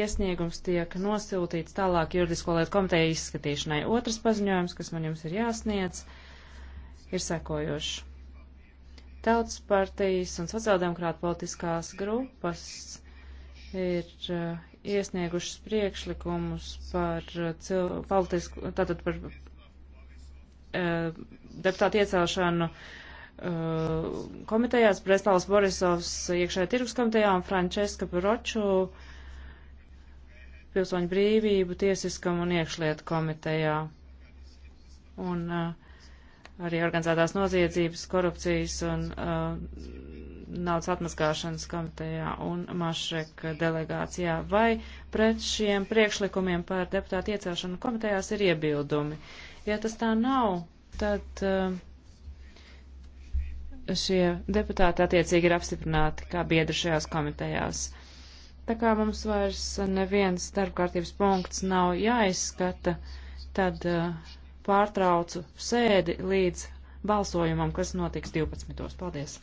Iesniegums tiek nosiltīts tālāk juridisko lietu komiteja izskatīšanai. Otrs paziņojums, kas man jums ir jāsniedz, ir sekojošs. Tautas partijas un sociāldemokrāta politiskās grupas ir uh, iesniegušas priekšlikumus par, uh, politisku, tātad par uh, deputātu iecelšanu uh, komitejās, Brestāls Borisovs iekšējā tirgus komitejā un Frančeska Proču uh, pilsoņu brīvību, tiesiskumu un iekšlietu komitejā. Un uh, arī organizētās noziedzības, korupcijas un uh, naudas atmaskāšanas komitejā un Mašrek delegācijā. Vai pret šiem priekšlikumiem par deputātu iecelšanu komitejās ir iebildumi? Ja tas tā nav, tad. Uh, šie deputāti attiecīgi ir apstiprināti kā biedri šajās komitejās. Tā kā mums vairs neviens darbkārtības punkts nav jāizskata, tad uh, pārtraucu sēdi līdz balsojumam, kas notiks 12. Paldies!